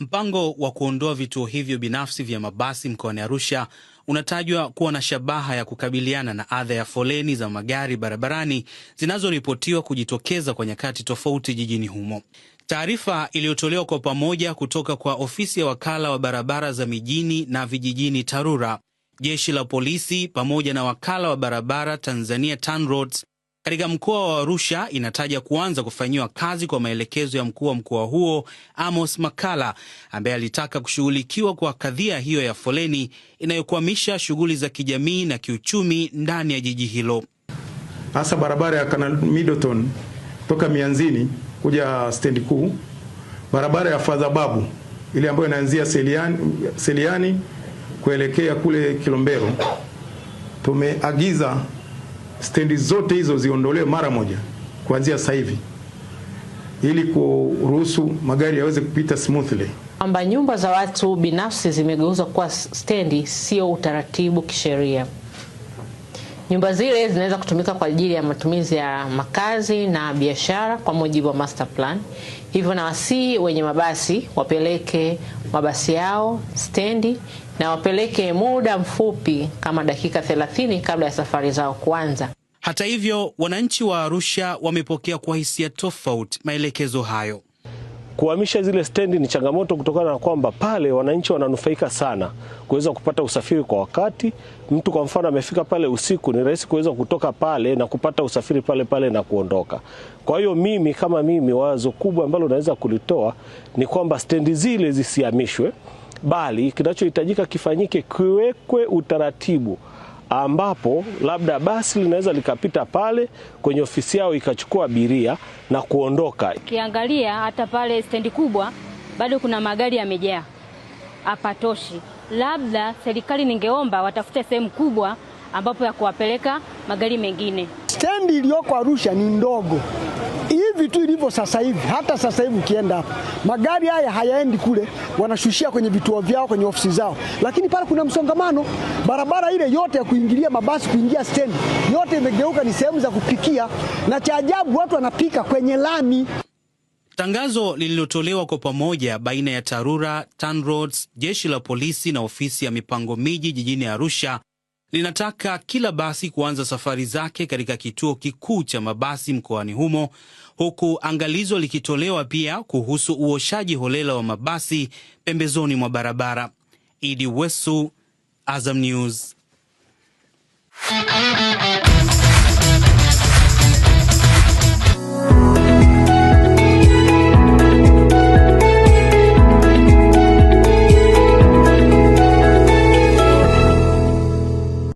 Mpango wa kuondoa vituo hivyo binafsi vya mabasi mkoani Arusha unatajwa kuwa na shabaha ya kukabiliana na adha ya foleni za magari barabarani zinazoripotiwa kujitokeza kwa nyakati tofauti jijini humo. Taarifa iliyotolewa kwa pamoja kutoka kwa ofisi ya wakala wa barabara za mijini na vijijini TARURA, jeshi la polisi pamoja na wakala wa barabara Tanzania TANROADS katika mkoa wa Arusha inataja kuanza kufanyiwa kazi kwa maelekezo ya mkuu wa mkoa huo Amos Makala, ambaye alitaka kushughulikiwa kwa kadhia hiyo ya foleni inayokwamisha shughuli za kijamii na kiuchumi ndani ya jiji hilo, hasa barabara ya Canal Middleton toka mianzini kuja stendi kuu, barabara ya Fadhababu ile ambayo inaanzia Seliani, Seliani kuelekea kule Kilombero tumeagiza stendi zote hizo ziondolewe mara moja kuanzia sasa hivi ili kuruhusu magari yaweze kupita smoothly kwamba nyumba za watu binafsi zimegeuzwa kuwa stendi, sio utaratibu kisheria. Nyumba zile zinaweza kutumika kwa ajili ya matumizi ya makazi na biashara kwa mujibu wa master plan. Hivyo na wasii wenye mabasi wapeleke mabasi yao stendi na wapeleke muda mfupi kama dakika thelathini kabla ya safari zao kuanza. Hata hivyo, wananchi wa Arusha wamepokea kwa hisia tofauti maelekezo hayo. Kuhamisha zile stendi ni changamoto kutokana na kwamba pale wananchi wananufaika sana kuweza kupata usafiri kwa wakati. Mtu kwa mfano amefika pale usiku, ni rahisi kuweza kutoka pale na kupata usafiri pale pale na kuondoka. Kwa hiyo mimi kama mimi, wazo kubwa ambalo naweza kulitoa ni kwamba stendi zile zisihamishwe bali kinachohitajika kifanyike, kiwekwe utaratibu ambapo labda basi linaweza likapita pale kwenye ofisi yao ikachukua abiria na kuondoka. Ukiangalia hata pale stendi kubwa bado kuna magari yamejaa, hapatoshi. Labda serikali, ningeomba watafute sehemu kubwa ambapo ya kuwapeleka magari mengine. Stendi iliyoko Arusha ni ndogo hivi tu ilivyo sasa hivi, hata sasa hivi ukienda hapa magari haya hayaendi kule, wanashushia kwenye vituo vyao, kwenye ofisi zao, lakini pale kuna msongamano. Barabara ile yote ya kuingilia mabasi kuingia stendi yote imegeuka ni sehemu za kupikia, na cha ajabu watu wanapika kwenye lami. Tangazo lililotolewa kwa pamoja baina ya TARURA, TANROADS, jeshi la polisi na ofisi ya mipango miji jijini Arusha linataka kila basi kuanza safari zake katika kituo kikuu cha mabasi mkoani humo, huku angalizo likitolewa pia kuhusu uoshaji holela wa mabasi pembezoni mwa barabara. Idi Wesu, Azam News.